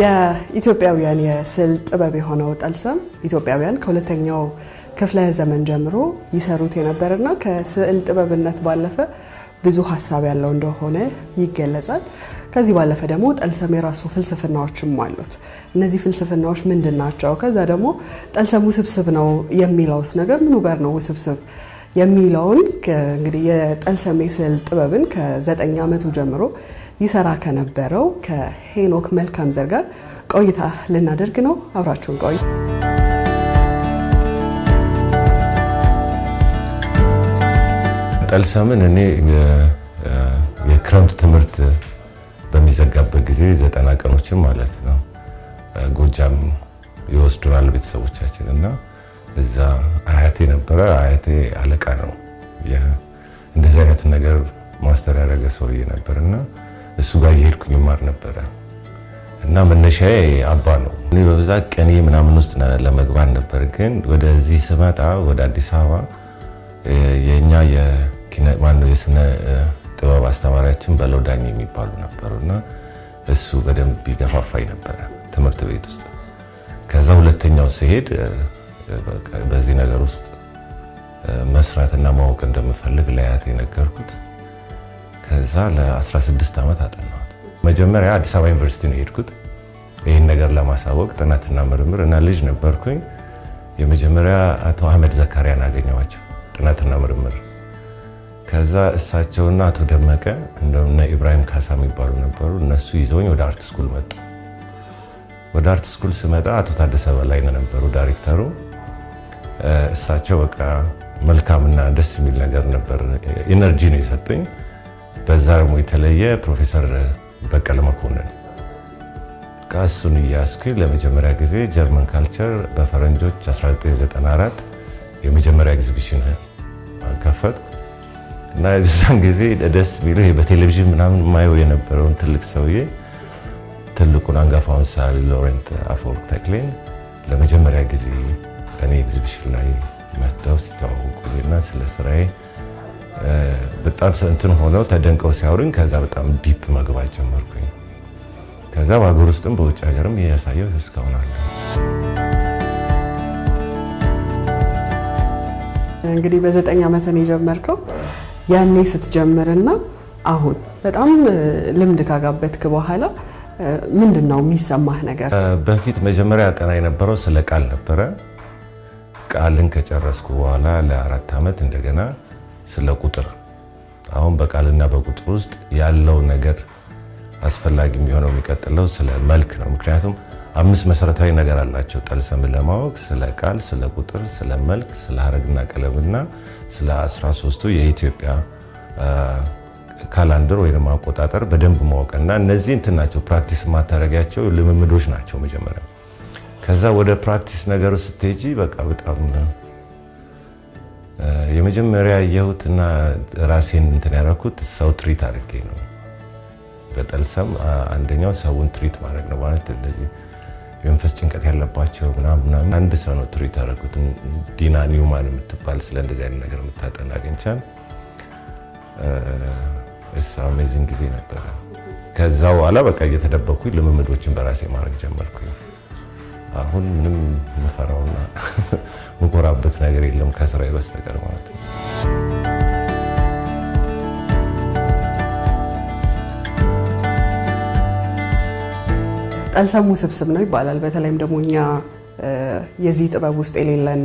የኢትዮጵያውያን የስዕል ጥበብ የሆነው ጠልሰም ኢትዮጵያውያን ከሁለተኛው ክፍለ ዘመን ጀምሮ ይሰሩት የነበረና ከስዕል ጥበብነት ባለፈ ብዙ ሀሳብ ያለው እንደሆነ ይገለጻል። ከዚህ ባለፈ ደግሞ ጠልሰም የራሱ ፍልስፍናዎችም አሉት። እነዚህ ፍልስፍናዎች ምንድን ናቸው? ከዛ ደግሞ ጠልሰም ውስብስብ ነው የሚለውስ ነገር ምኑ ጋር ነው ውስብስብ የሚለውን እንግዲህ የጠልሰም የስዕል ጥበብን ከዘጠኝ ዓመቱ ጀምሮ ይሰራ ከነበረው ከሄኖክ መልካም ዘር ጋር ቆይታ ልናደርግ ነው። አብራችሁን ቆዩ። ጠልሰምን እኔ የክረምት ትምህርት በሚዘጋበት ጊዜ ዘጠና ቀኖችን ማለት ነው ጎጃም ይወስዱናል ቤተሰቦቻችን እና እዛ አያቴ ነበረ። አያቴ አለቃ ነው። እንደዚህ አይነት ነገር ያደረገ ሰውዬ ነበር እና እሱ ጋር እየሄድኩኝ እማር ነበረ እና መነሻዬ አባ ነው። እኔ በብዛት ቀኔ ምናምን ውስጥ ለመግባት ነበር፣ ግን ወደዚህ ስመጣ ወደ አዲስ አበባ የእኛ ነው የስነ ጥበብ አስተማሪያችን በለው ዳኝ የሚባሉ ነበሩ እና እሱ በደንብ ይገፋፋኝ ነበረ ትምህርት ቤት ውስጥ። ከዛ ሁለተኛው ስሄድ በዚህ ነገር ውስጥ መስራትና ማወቅ እንደምፈልግ ለያት የነገርኩት። ከዛ ለ16 ዓመት አጠናሁት። መጀመሪያ አዲስ አበባ ዩኒቨርሲቲ ነው የሄድኩት ይህን ነገር ለማሳወቅ ጥናትና ምርምር እና ልጅ ነበርኩኝ። የመጀመሪያ አቶ አህመድ ዘካሪያን አገኘዋቸው ጥናትና ምርምር። ከዛ እሳቸውና አቶ ደመቀ እንደ ኢብራሂም ካሳ የሚባሉ ነበሩ። እነሱ ይዘውኝ ወደ አርት ስኩል መጡ። ወደ አርት ስኩል ስመጣ አቶ ታደሰ በላይ ነበሩ ዳይሬክተሩ። እሳቸው በቃ መልካምና ደስ የሚል ነገር ነበር። ኢነርጂ ነው የሰጡኝ። በዛ ደግሞ የተለየ ፕሮፌሰር በቀለ መኮንን ከእሱን እያስኩ ለመጀመሪያ ጊዜ ጀርመን ካልቸር በፈረንጆች 1994 የመጀመሪያ ኤግዚቢሽን ከፈት እና የዛን ጊዜ ደስ ቢሉ በቴሌቪዥን ምናምን የማየው የነበረውን ትልቅ ሰውዬ ትልቁን አንጋፋውን ሳሊ ሎሬንት አፈወርቅ ተክሌን ለመጀመሪያ ጊዜ እኔ ኤግዚቢሽን ላይ መጥተው ሲተዋወቁና ስለ ስራዬ በጣም እንትን ሆነው ተደንቀው ሲያወሩኝ፣ ከዛ በጣም ዲፕ መግባት ጀመርኩኝ። ከዛ በሀገር ውስጥም በውጭ ሀገርም እያሳየው እስካሁን አለ። እንግዲህ በዘጠኝ ዓመት ነው የጀመርከው። ያኔ ስትጀምርና አሁን በጣም ልምድ ካጋበትክ በኋላ ምንድን ነው የሚሰማህ ነገር? በፊት መጀመሪያ ጠና የነበረው ስለ ቃል ነበረ። ቃልን ከጨረስኩ በኋላ ለአራት ዓመት እንደገና ስለ ቁጥር አሁን በቃልና በቁጥር ውስጥ ያለው ነገር አስፈላጊ የሚሆነው የሚቀጥለው ስለ መልክ ነው። ምክንያቱም አምስት መሰረታዊ ነገር አላቸው ጠልሰም ለማወቅ ስለ ቃል፣ ስለ ቁጥር፣ ስለ መልክ፣ ስለ ሀረግና ቀለምና ስለ 13ቱ የኢትዮጵያ ካላንደር ወይም አቆጣጠር በደንብ ማወቅና እነዚህ እንትን ናቸው። ፕራክቲስ የማታደርጊያቸው ልምምዶች ናቸው መጀመሪያ። ከዛ ወደ ፕራክቲስ ነገሩ ስትሄጂ በቃ በጣም የመጀመሪያ ያየሁት እና ራሴን እንትን ያደረኩት ሰው ትሪት አድርጌ ነው። በጠልሰም አንደኛው ሰውን ትሪት ማድረግ ነው ማለት እንደዚህ የመንፈስ ጭንቀት ያለባቸው ምናምን አንድ ሰው ነው ትሪት ያደረኩት። ዲና ኒውማን የምትባል ስለ እንደዚህ አይነት ነገር የምታጠና አግኝቻል። አሜዚንግ ጊዜ ነበረ። ከዛ በኋላ በቃ እየተደበኩኝ ልምምዶችን በራሴ ማድረግ ጀመርኩኝ። አሁን ምንም የምፈራውና የምኮራበት ነገር የለም ከስራዬ በስተቀር ማለት ነው። ጠልሰሙ ውስብስብ ነው ይባላል። በተለይም ደግሞ እኛ የዚህ ጥበብ ውስጥ የሌለን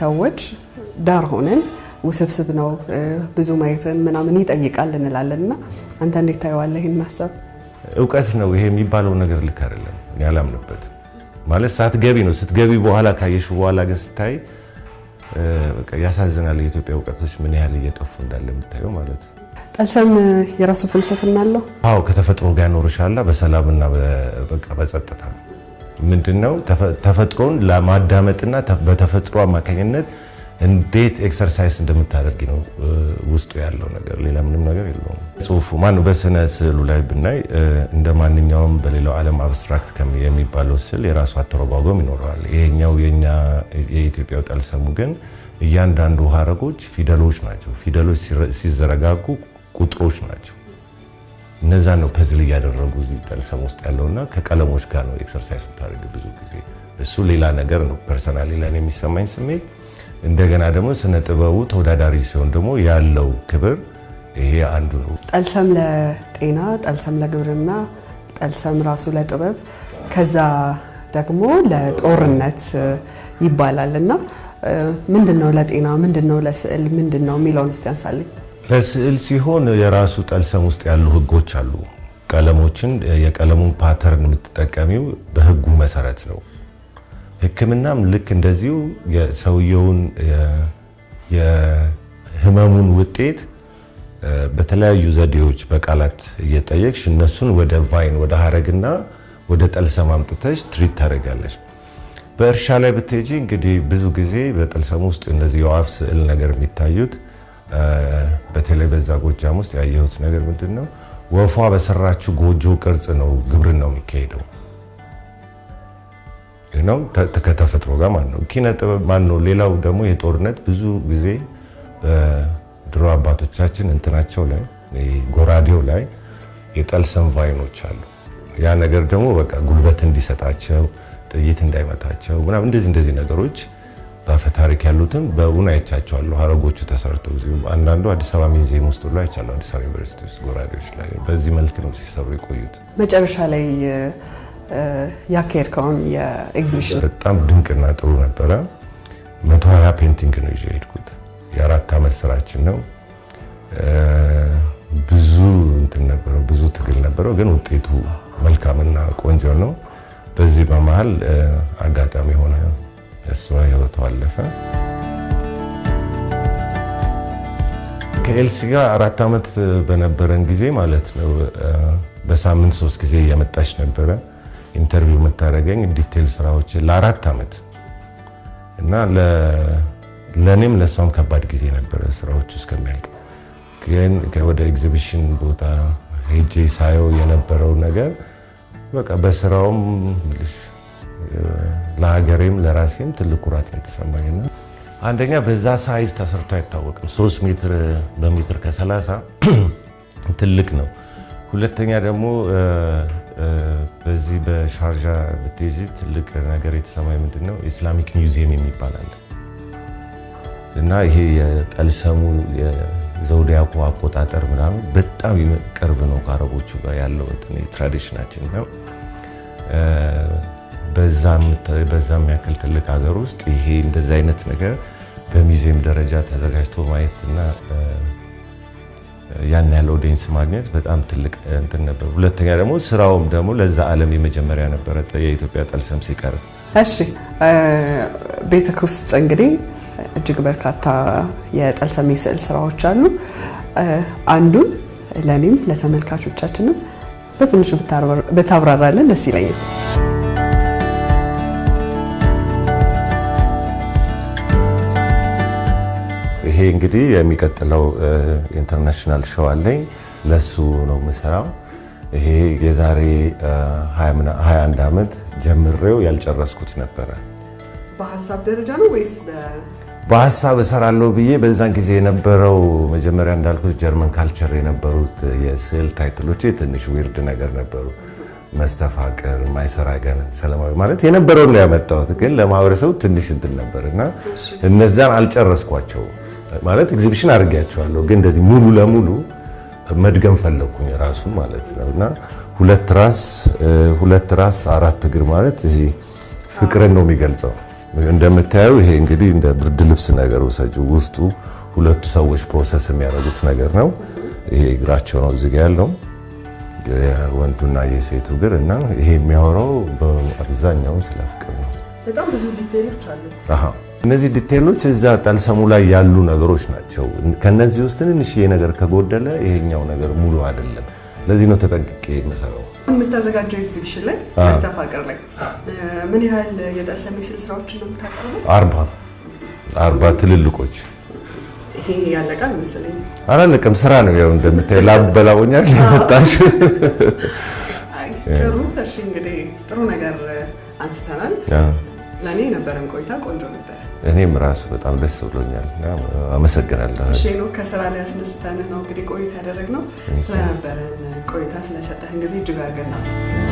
ሰዎች ዳር ሆነን ውስብስብ ነው ብዙ ማየትን ምናምን ይጠይቃል እንላለን። እና አንተ እንዴት ታየዋለህ ይህን እውቀት ነው ይሄ የሚባለው ነገር ልክ አይደለም፣ ያላምንበትም ማለት ሳትገቢ ነው። ስትገቢ በኋላ ካየሽ በኋላ ግን ስታይ ያሳዝናል። የኢትዮጵያ እውቀቶች ምን ያህል እየጠፉ እንዳለ የምታየው ማለት ነው። ጠልሰም የራሱ ፍልስፍና አለው። አዎ ከተፈጥሮ ጋር ኖርሻላ በሰላምና በቃ በጸጥታ ምንድነው ተፈጥሮን ለማዳመጥና በተፈጥሮ አማካኝነት እንዴት ኤክሰርሳይዝ እንደምታደርጊ ነው ውስጡ ያለው ነገር፣ ሌላ ምንም ነገር የለውም። ጽሁፉ ማነው በስነ ስዕሉ ላይ ብናይ እንደ ማንኛውም በሌላው ዓለም አብስትራክት የሚባለው ስዕል የራሱ አተረጓጎም ይኖረዋል። ይሄኛው የኛ የኢትዮጵያው ጠልሰሙ ግን እያንዳንዱ ሀረጎች ፊደሎች ናቸው። ፊደሎች ሲዘረጋጉ ቁጥሮች ናቸው። እነዛ ነው ፐዝል እያደረጉ ጠልሰም ውስጥ ያለውና ከቀለሞች ጋር ነው ኤክሰርሳይዝ ታደርግ ብዙ ጊዜ እሱ ሌላ ነገር ነው። ፐርሰናሊ ለእኔ የሚሰማኝ ስሜት እንደገና ደግሞ ስነ ጥበቡ ተወዳዳሪ ሲሆን ደግሞ ያለው ክብር ይሄ አንዱ ነው። ጠልሰም ለጤና፣ ጠልሰም ለግብርና፣ ጠልሰም ራሱ ለጥበብ ከዛ ደግሞ ለጦርነት ይባላል እና ምንድን ነው ለጤና፣ ምንድን ነው ለስዕል፣ ምንድን ነው የሚለውን እስቲ አንሳልኝ። ለስዕል ሲሆን የራሱ ጠልሰም ውስጥ ያሉ ህጎች አሉ። ቀለሞችን የቀለሙን ፓተርን የምትጠቀሚው በህጉ መሰረት ነው። ህክምናም ልክ እንደዚሁ የሰውየውን የህመሙን ውጤት በተለያዩ ዘዴዎች በቃላት እየጠየቅሽ እነሱን ወደ ቫይን ወደ ሀረግና ወደ ጠልሰም አምጥተሽ ትሪት ታደርጋለች። በእርሻ ላይ ብትሄጂ እንግዲህ ብዙ ጊዜ በጠልሰም ውስጥ እነዚህ የዋፍ ስዕል ነገር የሚታዩት በተለይ በዛ ጎጃም ውስጥ ያየሁት ነገር ምንድን ነው፣ ወፏ በሰራችው ጎጆ ቅርጽ ነው ግብርናው የሚካሄደው። ነው ከተፈጥሮ ጋር ማለት ነው። ኪነ ጥበብ ማለት ነው? ሌላው ደግሞ የጦርነት ብዙ ጊዜ ድሮ አባቶቻችን እንትናቸው ላይ ጎራዴው ላይ የጠል ቫይኖች አሉ። ያ ነገር ደግሞ በቃ ጉልበት እንዲሰጣቸው ጥይት እንዳይመታቸው ምናምን እንደዚህ እንደዚህ ነገሮች በአፈ ታሪክ ያሉትን በእውን አይቻቸዋሉ። ሀረጎቹ ተሰርተው እዚሁ አንዳንዱ አዲስ አበባ ሙዚየም ውስጥ ላይ አይቻለሁ። አዲስ አበባ ዩኒቨርሲቲ ውስጥ ጎራዴዎች ላይ በዚህ መልክ ነው ሲሰሩ የቆዩት። መጨረሻ ላይ ያካሄድከውን uh, የኤግዚቢሽን በጣም ድንቅና ጥሩ ነበረ። መቶ ሀያ ፔንቲንግ ነው ይዤ ሄድኩት። የአራት ዓመት ስራችን ነው። uh, ብዙ እንትን ነበረው፣ ብዙ ትግል ነበረው፣ ግን ውጤቱ መልካምና ቆንጆ ነው። በዚህ በመሀል uh, አጋጣሚ የሆነ እሷ ህይወቷ አለፈ። ከኤልሲ ጋር አራት ዓመት በነበረን ጊዜ ማለት ነው በሳምንት ሶስት ጊዜ እየመጣች ነበረ ኢንተርቪው የምታደርገኝ ዲቴል ስራዎች ለአራት ዓመት እና ለእኔም ለእሷም ከባድ ጊዜ ነበረ። ስራዎች እስከሚያልቅ ግን ወደ ኤግዚቢሽን ቦታ ሄጄ ሳየው የነበረው ነገር በቃ በስራውም ለሀገሬም ለራሴም ትልቅ ኩራት ነው የተሰማኝ። እና አንደኛ በዛ ሳይዝ ተሰርቶ አይታወቅም። ሶስት ሜትር በሜትር ከሰላሳ ትልቅ ነው። ሁለተኛ ደግሞ በዚህ በሻርጃ ብትሄጂ ትልቅ ነገር የተሰማኝ ምንድን ነው ኢስላሚክ ሚውዚየም የሚባል አለ እና ይሄ የጠልሰሙ የዘውዲያኩ አቆጣጠር ምናምን በጣም ቅርብ ነው ከአረቦቹ ጋር ያለው ትራዲሽናችን ነው። በዛም ያክል ትልቅ ሀገር ውስጥ ይሄ እንደዚህ አይነት ነገር በሚውዚየም ደረጃ ተዘጋጅቶ ማየት እና ያን ያለ ኦዲየንስ ማግኘት በጣም ትልቅ እንትን ነበር። ሁለተኛ ደግሞ ስራውም ደግሞ ለዛ ዓለም የመጀመሪያ ነበረ የኢትዮጵያ ጠልሰም ሲቀርብ። እሺ ቤትክ ውስጥ እንግዲህ እጅግ በርካታ የጠልሰም የስዕል ስራዎች አሉ። አንዱን ለእኔም ለተመልካቾቻችንም በትንሹ ብታብራራለን ደስ ይለኛል። እንግዲህ የሚቀጥለው ኢንተርናሽናል ሾው አለኝ ለሱ ነው የምሰራው። ይሄ የዛሬ 21 ዓመት ጀምሬው ያልጨረስኩት ነበረ። በሀሳብ ደረጃ ነው ወይስ በሀሳብ እሰራለሁ ብዬ በዛን ጊዜ የነበረው መጀመሪያ እንዳልኩት ጀርመን ካልቸር የነበሩት የስዕል ታይትሎች ትንሽ ዊርድ ነገር ነበሩ። መስተፋቅር፣ ማይሰራ ገነን፣ ማለት የነበረውን ነው ያመጣሁት፣ ግን ለማህበረሰቡ ትንሽ እንትን ነበር እና እነዛን አልጨረስኳቸውም። ማለት ኤግዚቢሽን አድርጌያቸዋለሁ፣ ግን እንደዚህ ሙሉ ለሙሉ መድገም ፈለግኩኝ ራሱ ማለት ነው። እና ሁለት ራስ ሁለት ራስ አራት እግር ማለት ይሄ ፍቅርን ነው የሚገልጸው። እንደምታየው ይሄ እንግዲህ እንደ ብርድ ልብስ ነገር ውሰጁ። ውስጡ ሁለቱ ሰዎች ፕሮሰስ የሚያደርጉት ነገር ነው። ይሄ እግራቸው ነው እዚህ ጋር ያለው የወንዱና የሴቱ እግር እና ይሄ የሚያወራው በአብዛኛው ስለ ፍቅር ነው። በጣም ብዙ ዲቴሎች አሉት። እነዚህ ዲቴሎች እዛ ጠልሰሙ ላይ ያሉ ነገሮች ናቸው። ከነዚህ ውስጥ ትንንሽዬ ነገር ከጎደለ ይሄኛው ነገር ሙሉ አይደለም። ለዚህ ነው ተጠንቅቄ የምሰራው። የምታዘጋጀው ኤግዚቢሽን ላይ ያስተፋቅር ላይ ምን ያህል የጠልሰም የስዕል ስራዎች ነው የምታቀርበው? አርባ አርባ ትልልቆች ይሄ ያለቃል መሰለኝ። አላለቀም፣ ስራ ነው ያው እንደምታይ ላብ በላቦኛል ጥሩ። እሺ እንግዲህ ጥሩ ነገር አንስተናል። ለእኔ የነበረን ቆይታ ቆንጆ ነበር። እኔም ራሱ በጣም ደስ ብሎኛል። አመሰግናለሁ። ሼሎ ከስራ ላይ ያስደስታንህ ነው እንግዲህ ቆይታ ያደረግነው ስለነበረን ቆይታ ስለሰጠህን ጊዜ እጅግ አድርገን